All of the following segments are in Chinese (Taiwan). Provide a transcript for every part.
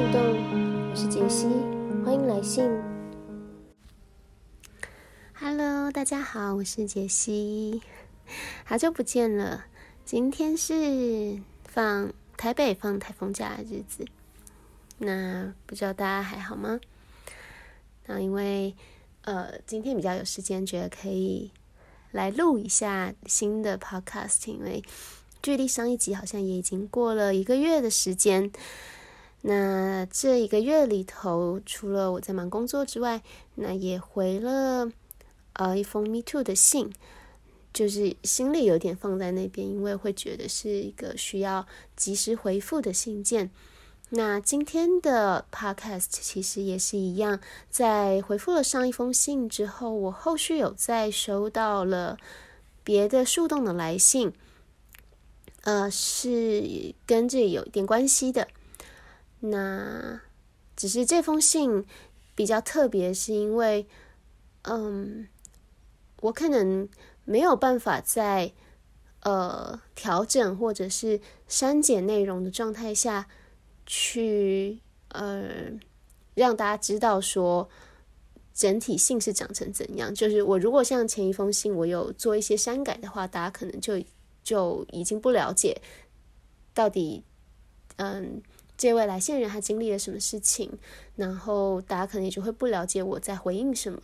樹洞，我是潔西，歡迎來信。Hello，大家好，我是潔西， 好久不見了。今天是放台北放颱風假的日子，那不知道大家還好嗎？那因為呃，今天比較有時間，覺得可以來錄一下新的 podcast，因為距離上一集好像也已經過了一個月的時間。那這一個月裡頭，除了我在忙工作之外，那也回了呃一封 “me too” 的信，就是心裡有點放在那邊，因為會覺得是一個需要及時回覆的信件。那今天的 podcast 其實也是一樣，在回覆了上一封信之後，我後續有再收到了別的樹洞的來信，呃，是跟這有一點關係的。那只是這封信比較特別，是因為，嗯，我可能沒有辦法在呃調整或者是刪減內容的狀態下去，去呃讓大家知道說整體信是長成怎樣。就是我如果像前一封信我有做一些刪改的話，大家可能就就已經不了解到底嗯。這位來信人他經歷了什麼事情，然後大家可能也就會不了解我在回應什麼。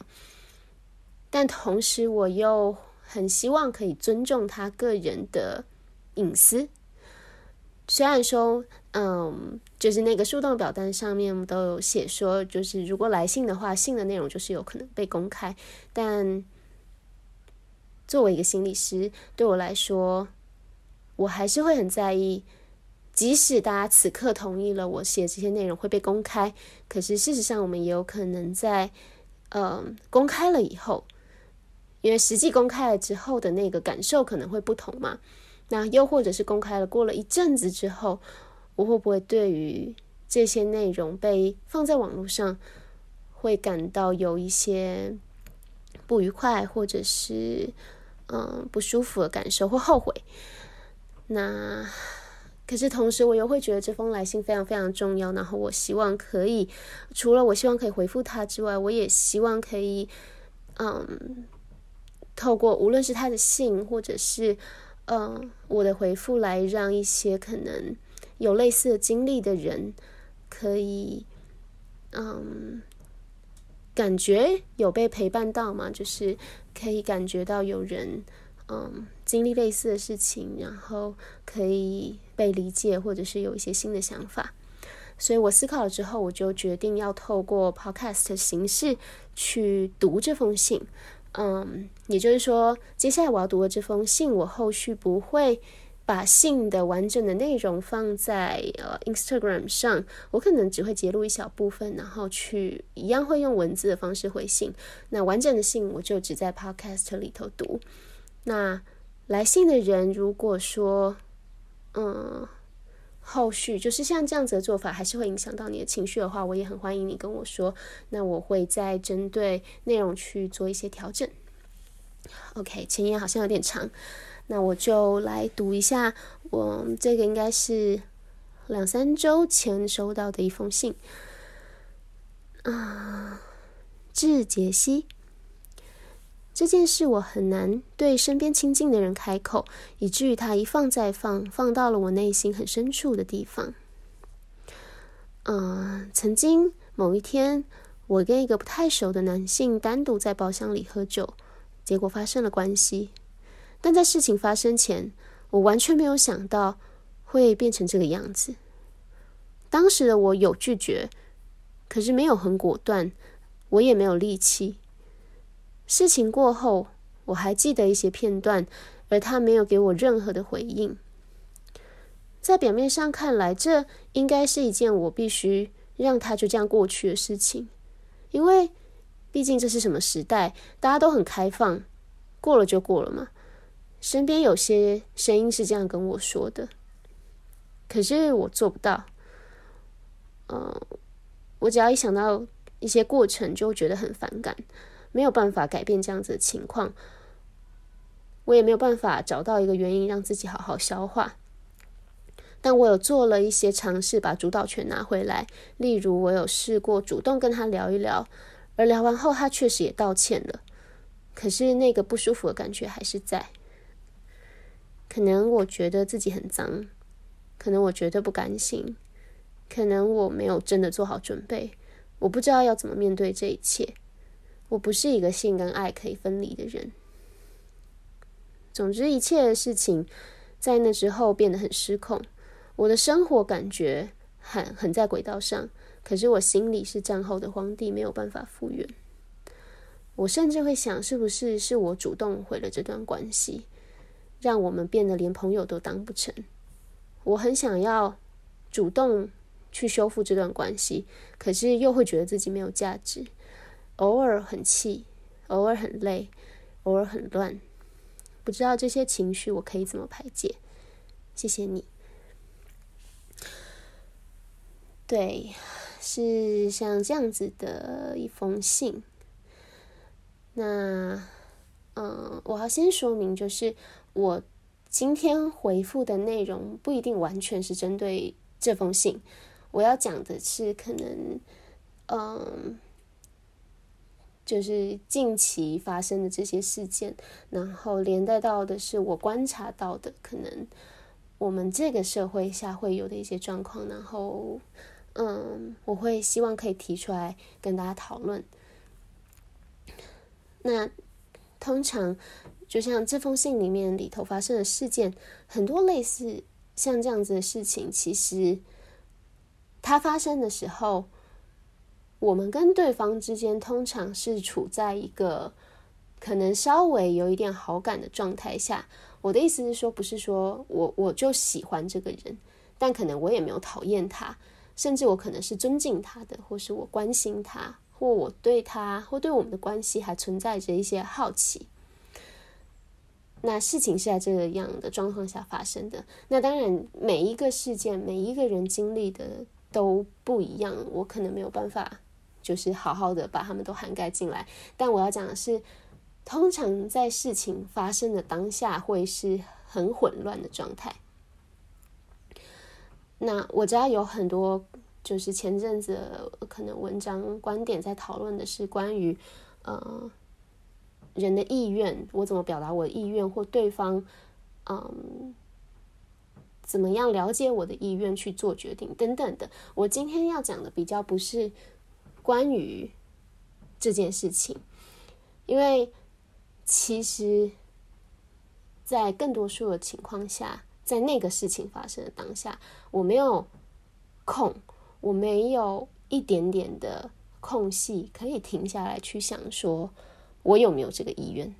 但同時，我又很希望可以尊重他個人的隱私。雖然說，嗯，就是那個樹洞表單上面都有寫說，就是如果來信的話，信的內容就是有可能被公開。但作為一個心理師，對我來說，我還是會很在意。即使大家此刻同意了我寫這些內容會被公開，可是事實上我們也有可能在，嗯、呃，公開了以後，因為實際公開了之後的那個感受可能會不同嘛。那又或者是公開了過了一陣子之後，我會不會對於這些內容被放在網絡上，會感到有一些不愉快，或者是嗯、呃，不舒服的感受，或後悔？那。可是同時，我又會覺得這封來信非常非常重要。然後，我希望可以，除了我希望可以回復他之外，我也希望可以，嗯，透過無論是他的信，或者是，嗯，我的回復，來讓一些可能有類似的經歷的人，可以，嗯，感覺有被陪伴到嘛，就是可以感覺到有人，嗯，經歷類似的事情，然後可以。被理解，或者是有一些新的想法，所以我思考了之後，我就決定要透過 podcast 的形式去讀這封信。嗯，也就是說，接下來我要讀的這封信，我後續不會把信的完整的內容放在呃 Instagram 上，我可能只會截錄一小部分，然後去一樣會用文字的方式回信。那完整的信，我就只在 podcast 裡頭讀。那來信的人，如果說，嗯，後續就是像這樣子的做法，還是會影響到你的情緒的話，我也很歡迎你跟我說。那我會再針對內容去做一些調整。OK，前言好像有點長，那我就來讀一下。我這個應該是兩三週前收到的一封信啊，致潔西。這件事我很難對身邊親近的人開口，以至於他一放再放，放到了我內心很深處的地方。嗯、呃，曾經某一天，我跟一個不太熟的男性單獨在包廂裡喝酒，結果發生了關係。但在事情發生前，我完全沒有想到會變成這個樣子。當時的我有拒絕，可是沒有很果斷，我也沒有力氣。事情過後，我還記得一些片段，而他沒有給我任何的回應。在表面上看來，這應該是一件我必須讓他就這樣過去的事情，因為畢竟這是什麼時代，大家都很開放，過了就過了嘛。身邊有些聲音是這樣跟我說的，可是我做不到。嗯、呃，我只要一想到一些過程，就覺得很反感。沒有辦法改變這樣子的情況，我也沒有辦法找到一個原因讓自己好好消化。但我有做了一些嘗試，把主導權拿回來。例如，我有試過主動跟他聊一聊，而聊完後，他確實也道歉了。可是那個不舒服的感覺還是在。可能我覺得自己很髒，可能我覺得不甘心，可能我沒有真的做好準備，我不知道要怎麼面對這一切。我不是一個性跟愛可以分離的人。總之一切的事情，在那之後變得很失控。我的生活感覺很很在軌道上，可是我心裡是戰後的荒地，沒有辦法復原。我甚至會想，是不是是我主動毀了這段關係，讓我們變得連朋友都當不成？我很想要主動去修復這段關係，可是又會覺得自己沒有價值。偶爾很氣，偶爾很累，偶爾很亂，不知道這些情緒我可以怎麼排解？謝謝你。對，是像這樣子的一封信。那，嗯，我要先說明，就是我今天回復的內容不一定完全是針對這封信，我要講的是，可能，嗯。就是近期發生的這些事件，然後連帶到的是我觀察到的，可能我們這個社會下會有的一些狀況。然後，嗯，我會希望可以提出來跟大家討論。那通常，就像這封信裡面裡頭發生的事件，很多類似像這樣子的事情，其實它發生的時候，我們跟對方之間通常是處在一個可能稍微有一點好感的狀態下。我的意思是說，不是說我我就喜歡這個人，但可能我也沒有討厭他，甚至我可能是尊敬他的，或是我關心他，或我對他或對我們的關係還存在着一些好奇。那事情是在這樣的狀況下發生的。那當然，每一個事件，每一個人經歷的都不一樣，我可能沒有辦法。就是好好的把他們都涵蓋進來，但我要講的是，通常在事情發生的當下會是很混亂的狀態。那我知道有很多，就是前陣子可能文章觀點在討論的是關於，嗯、呃、人的意願，我怎麼表達我的意願，或對方，嗯、呃，怎麼樣了解我的意願去做決定等等的。我今天要講的比較不是，關於這件事情，因為其實，在更多數的情況下，在那個事情發生的當下，我沒有空，我沒有一點點的空隙可以停下來去想，說我有沒有這個意願。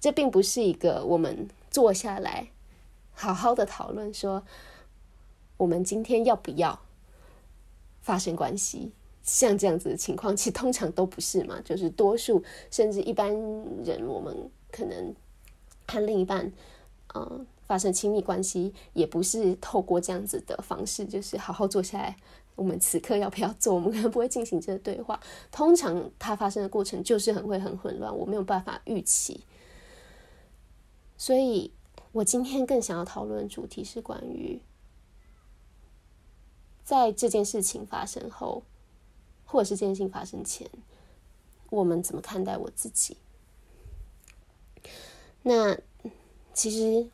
這並不是一個我們坐下來好好的討論，說我們今天要不要。發生關係，像這樣子的情況，其實通常都不是嘛。就是多數甚至一般人，我們可能和另一半，嗯、呃，發生親密關係，也不是透過這樣子的方式。就是好好坐下來，我們此刻要不要做？我們可能不會進行這個對話。通常它發生的過程就是很會很混亂，我沒有辦法預期。所以我今天更想要討論的主題是關於。在這件事情發生後，或者是這件事情發生前，我們怎麼看待我自己？那其實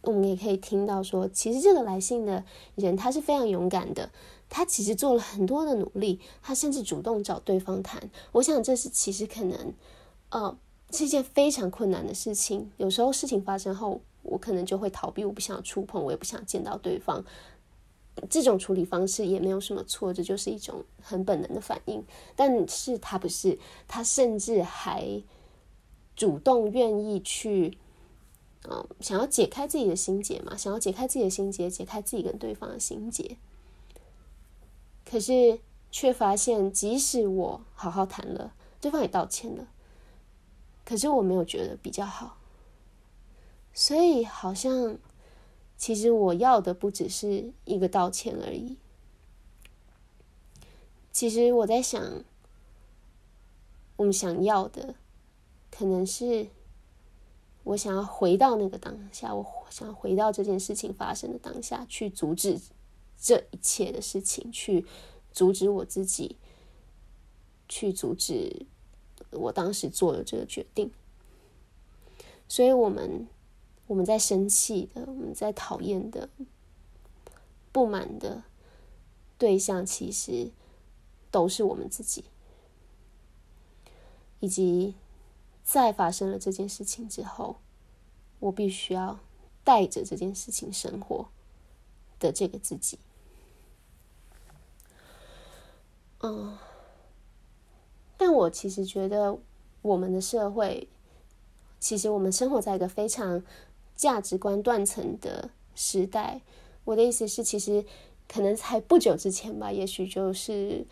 我們也可以聽到說，其實這個來信的人他是非常勇敢的，他其實做了很多的努力，他甚至主動找對方談。我想這是其實可能呃是一件非常困難的事情。有時候事情發生後，我可能就會逃避，我不想觸碰，我也不想見到對方。這種處理方式也沒有什麼錯，這就是一種很本能的反應。但是他不是，他甚至還主動願意去，嗯、哦，想要解開自己的心結嘛，想要解開自己的心結，解開自己跟對方的心結。可是卻發現，即使我好好談了，對方也道歉了，可是我沒有覺得比較好，所以好像。其實我要的不只是一個道歉而已。其實我在想，我們想要的，可能是我想要回到那個當下，我想回到這件事情發生的當下，去阻止這一切的事情，去阻止我自己，去阻止我當時做的這個決定。所以，我們。我們在生氣的，我們在討厭的、不滿的對象，其實都是我們自己。以及，在發生了這件事情之後，我必須要帶着這件事情生活的這個自己。嗯，但我其實覺得，我們的社會，其實我們生活在一個非常……價值觀斷層的時代，我的意思是，其實可能才不久之前吧，也許就是，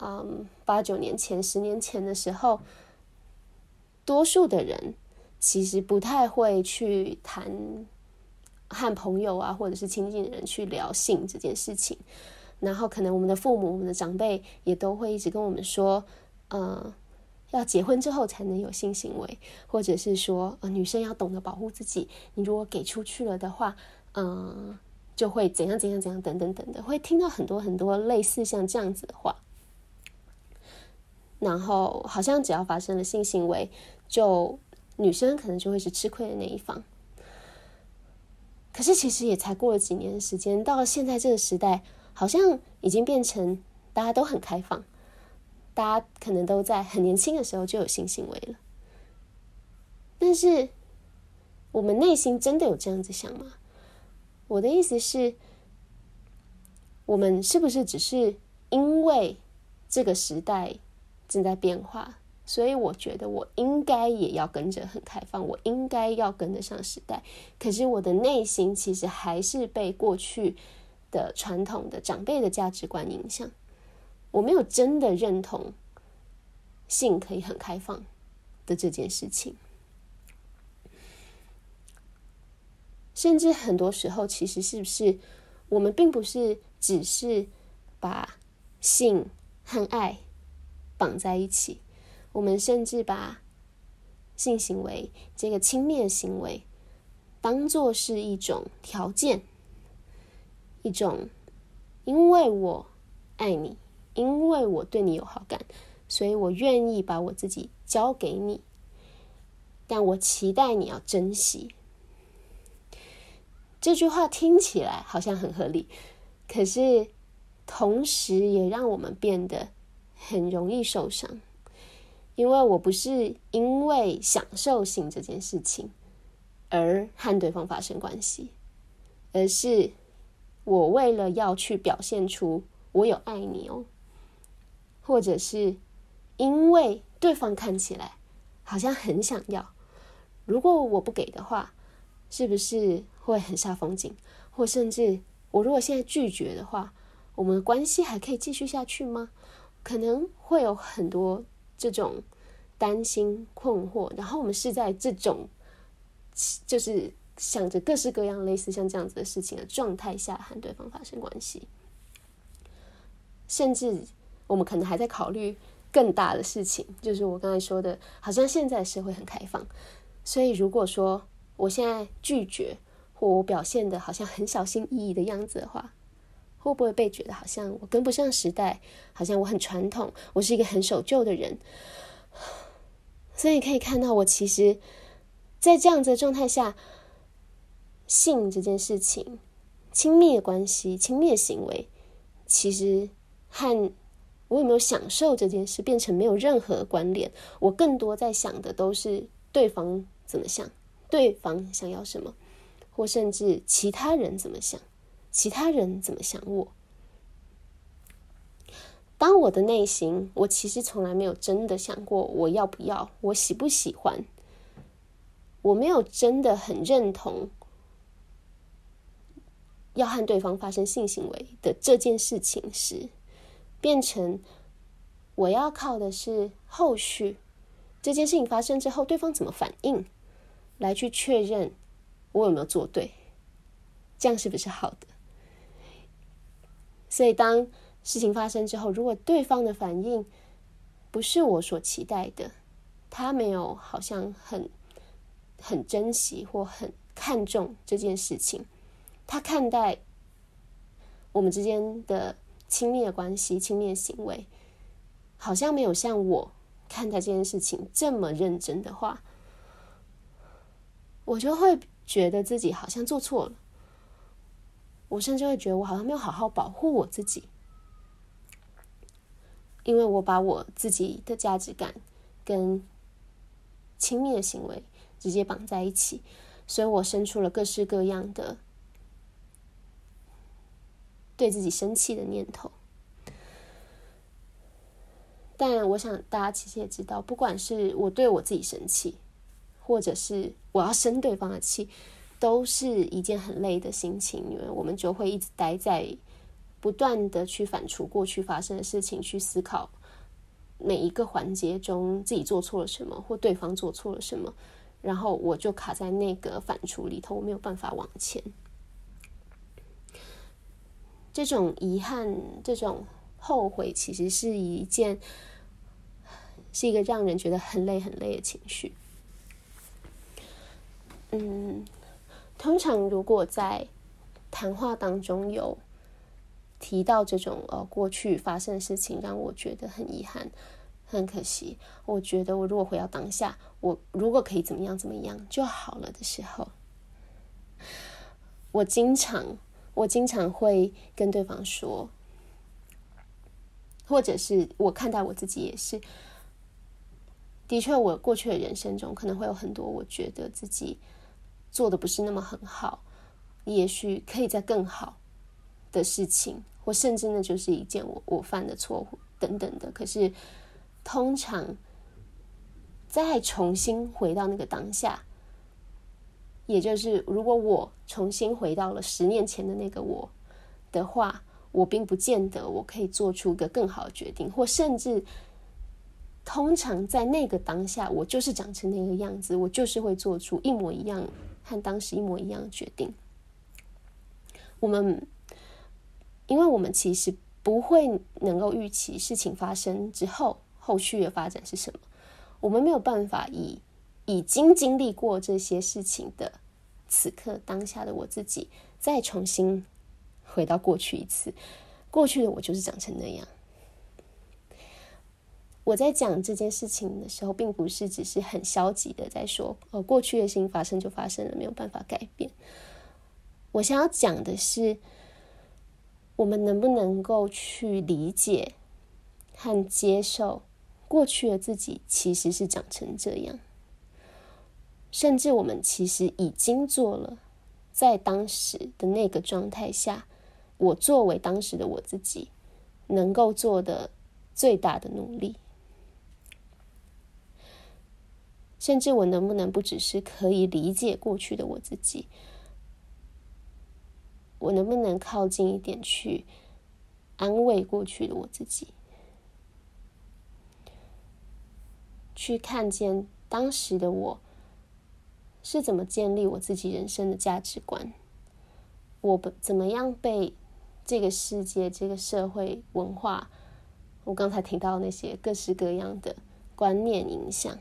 嗯，八九年前、十年前的時候，多數的人其實不太會去談和朋友啊，或者是親近的人去聊性這件事情。然後，可能我們的父母、我們的長輩也都會一直跟我們說，嗯、呃。要結婚之後才能有性行為，或者是說，呃，女生要懂得保護自己。你如果給出去了的話，嗯，就會怎樣怎樣怎樣等等等等的，會聽到很多很多類似像這樣子的話。然後，好像只要發生了性行為，就女生可能就會是吃虧的那一方。可是，其實也才過了幾年的時間，到了現在這個時代，好像已經變成大家都很開放。大家可能都在很年輕的時候就有性行為了，但是我們內心真的有這樣子想嗎？我的意思是，我們是不是只是因為這個時代正在變化，所以我覺得我應該也要跟着很開放，我應該要跟得上時代？可是我的內心其實還是被過去的傳統的長輩的價值觀影響。我沒有真的認同性可以很開放的這件事情，甚至很多時候，其實是不是我們並不是只是把性和愛綁在一起，我們甚至把性行為這個親密行為當作是一種條件，一種因為我愛你，因為我對你有好感，所以我願意把我自己交給你。但我期待你要珍惜。這句話聽起來好像很合理，可是同時也讓我們變得很容易受傷。因為我不是因為享受性這件事情而和對方發生關係，而是我為了要去表現出我有愛你哦。或者是因為對方看起來好像很想要，如果我不給的話，是不是會很煞風景？或甚至我如果現在拒絕的話，我們的關係還可以繼續下去嗎？可能會有很多這種擔心困惑，然後我們是在這種就是想着各式各樣類似像這樣子的事情的狀態下和對方發生關係，甚至。我們可能還在考慮更大的事情，就是我剛才說的，好像現在社會很開放，所以如果說我現在拒絕，或我表現得好像很小心翼翼的樣子的話，會不會被覺得好像我跟不上時代，好像我很傳統，我是一個很守舊的人？所以可以看到，我其實，在這樣子的狀態下，性這件事情，親密的關係，親密的行為，其實和。我有沒有享受這件事變成沒有任何關聯？我更多在想的都是對方怎麼想，對方想要什麼，或甚至其他人怎麼想，其他人怎麼想我。當我的內心，我其實從來沒有真的想過我要不要，我喜不喜歡，我沒有真的很認同要和對方發生性行為的這件事情時，變成我要靠的是後續這件事情發生之後，對方怎麼反應，來去確認我有沒有做對，這樣是不是好的？所以當事情發生之後，如果對方的反應不是我所期待的，他沒有好像很很珍惜或很看重這件事情，他看待我們之間的。親密的關係、親密的行為，好像沒有像我看待這件事情這麼認真的話，我就會覺得自己好像做錯了。我甚至會覺得我好像沒有好好保護我自己，因為我把我自己的價值感跟親密的行為直接綁在一起，所以我生出了各式各樣的。對自己生氣的念頭，但我想大家其實也知道，不管是我對我自己生氣，或者是我要生對方的氣，都是一件很累的心情，因為我們就會一直待在不斷的去反芻過去發生的事情，去思考每一個環節中自己做錯了什麼或對方做錯了什麼，然後我就卡在那個反芻裡頭，我沒有辦法往前。這種遺憾，這種後悔，其實是一件是一個讓人覺得很累、很累的情緒。嗯，通常如果在談話當中有提到這種呃過去發生的事情，讓我覺得很遺憾、很可惜。我覺得我如果回到當下，我如果可以怎麼樣怎麼樣就好了的時候，我經常。我經常會跟對方說，或者是我看待我自己也是。的確，我過去的人生中可能會有很多我覺得自己做的不是那麼很好，也許可以再更好的事情，或甚至那就是一件我我犯的錯誤等等的。可是，通常再重新回到那個當下。也就是，如果我重新回到了十年前的那個我的話，我並不見得我可以做出一個更好的決定，或甚至通常在那個當下，我就是長成那個樣子，我就是會做出一模一樣和當時一模一樣的決定。我們，因為我們其實不會能夠預期事情發生之後後續的發展是什麼，我們沒有辦法以。已經經歷過這些事情的此刻當下的我自己，再重新回到過去一次，過去的我就是長成那樣。我在講這件事情的時候，並不是只是很消極的在說：“哦、呃，過去的事情發生就發生了，沒有辦法改變。”我想要講的是，我們能不能夠去理解和接受過去的自己，其實是長成這樣。甚至我們其實已經做了，在當時的那個狀態下，我作為當時的我自己，能夠做的最大的努力。甚至我能不能不只是可以理解過去的我自己，我能不能靠近一點去安慰過去的我自己，去看見當時的我？是怎麼建立我自己人生的價值觀？我不怎麼樣被這個世界、這個社會文化，我剛才提到那些各式各樣的觀念影響，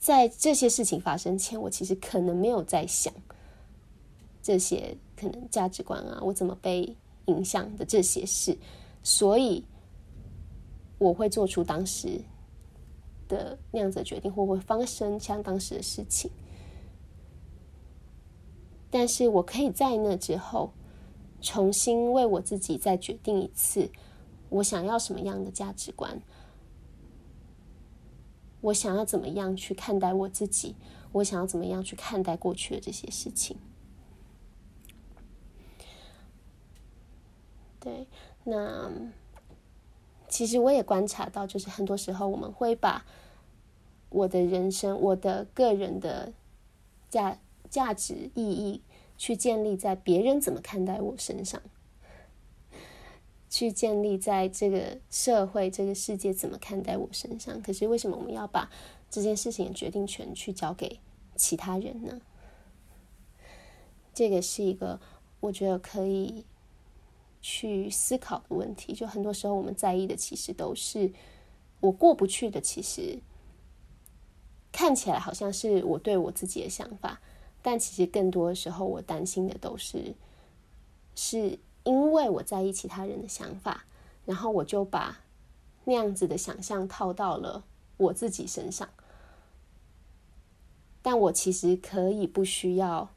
在這些事情發生前，我其實可能沒有在想這些可能價值觀啊，我怎麼被影響的這些事，所以我會做出當時。的那樣子的決定，會不會發生像當時的事情，但是我可以在那之後，重新為我自己再決定一次，我想要什麼樣的價值觀，我想要怎麼樣去看待我自己，我想要怎麼樣去看待過去的這些事情。對，那。其實我也觀察到，就是很多時候我們會把我的人生、我的個人的價價值、意義，去建立在別人怎麼看待我身上，去建立在這個社會、這個世界怎麼看待我身上。可是為什麼我們要把這件事情的決定權去交給其他人呢？這個是一個，我覺得可以。去思考的問題，就很多時候我們在意的其實都是我過不去的，其實看起來好像是我對我自己的想法，但其實更多的時候我擔心的都是，是因為我在意其他人的想法，然後我就把那樣子的想象套到了我自己身上，但我其實可以不需要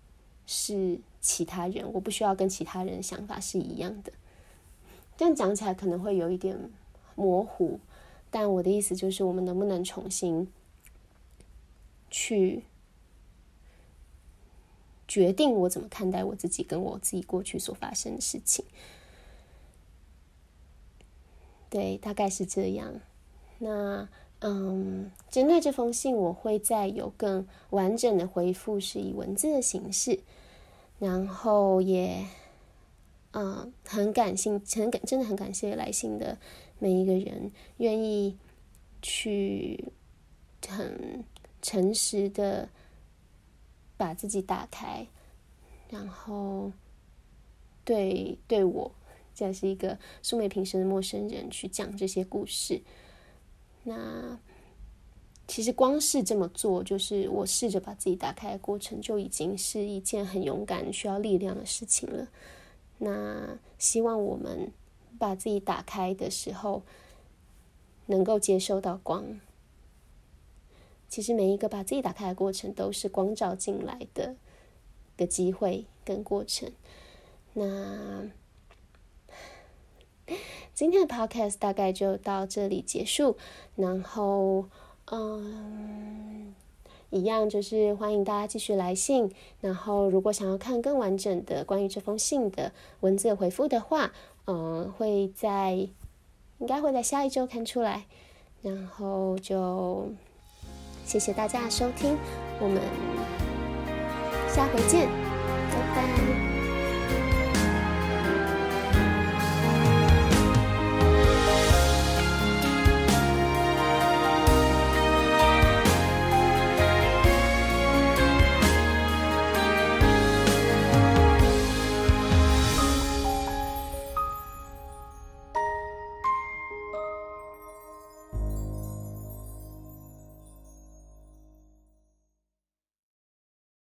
是。其他人，我不需要跟其他人的想法是一樣的。這樣講起來可能會有一點模糊，但我的意思就是，我們能不能重新去決定我怎麼看待我自己，跟我自己過去所發生的事情？對，大概是這樣。那，嗯，針對這封信，我會再有更完整的回覆，是以文字的形式。然後也，嗯，很感性，很感，真的很感謝來信的每一個人，願意去很誠實的把自己打開，然後對對我這樣是一個素昧平生的陌生人去講這些故事，那。其實光是這麼做，就是我試着把自己打開的過程，就已經是一件很勇敢、需要力量的事情了。那希望我們把自己打開的時候，能夠接收到光。其實每一個把自己打開的過程，都是光照進來的的機會跟過程。那今天的 Podcast 大概就到這裡結束，然後。嗯，一樣就是歡迎大家繼續來信。然後，如果想要看更完整的關於這封信的文字回覆的話，嗯，會在應該會在下一週刊出來。然後就謝謝大家的收聽，我們下回見，拜拜。